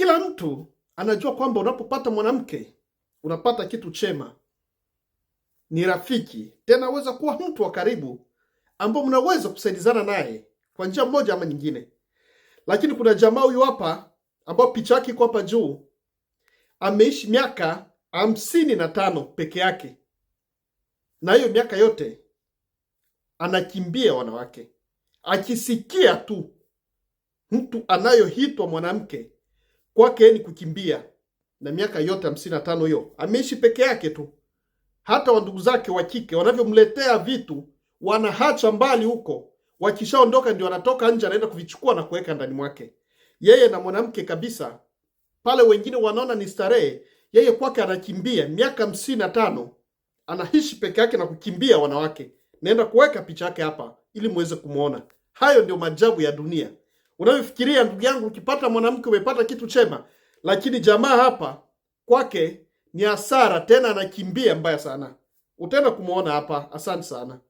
Kila mtu anajua kwamba unapopata mwanamke unapata kitu chema, ni rafiki, tena aweza kuwa mtu wa karibu ambao mnaweza kusaidizana naye kwa njia moja ama nyingine. Lakini kuna jamaa huyu hapa ambao picha yake iko hapa juu, ameishi miaka hamsini na tano peke yake, na hiyo miaka yote anakimbia wanawake, akisikia tu mtu anayohitwa mwanamke kwake ni kukimbia, na miaka yote hamsini na tano hiyo ameishi peke yake tu. Hata wandugu zake wa kike wanavyomletea vitu wanahacha mbali huko, wakishaondoka ndio anatoka nje, anaenda kuvichukua na kuweka ndani mwake, yeye na mwanamke kabisa. Pale wengine wanaona ni starehe, yeye kwake anakimbia. Miaka hamsini na tano anaishi peke yake na kukimbia wanawake. Naenda kuweka picha yake hapa ili muweze kumwona. Hayo ndio maajabu ya dunia. Unayofikiria ndugu yangu, ukipata mwanamke umepata kitu chema, lakini jamaa hapa kwake ni hasara, tena anakimbia mbaya sana. Utaenda kumwona hapa. Asante sana.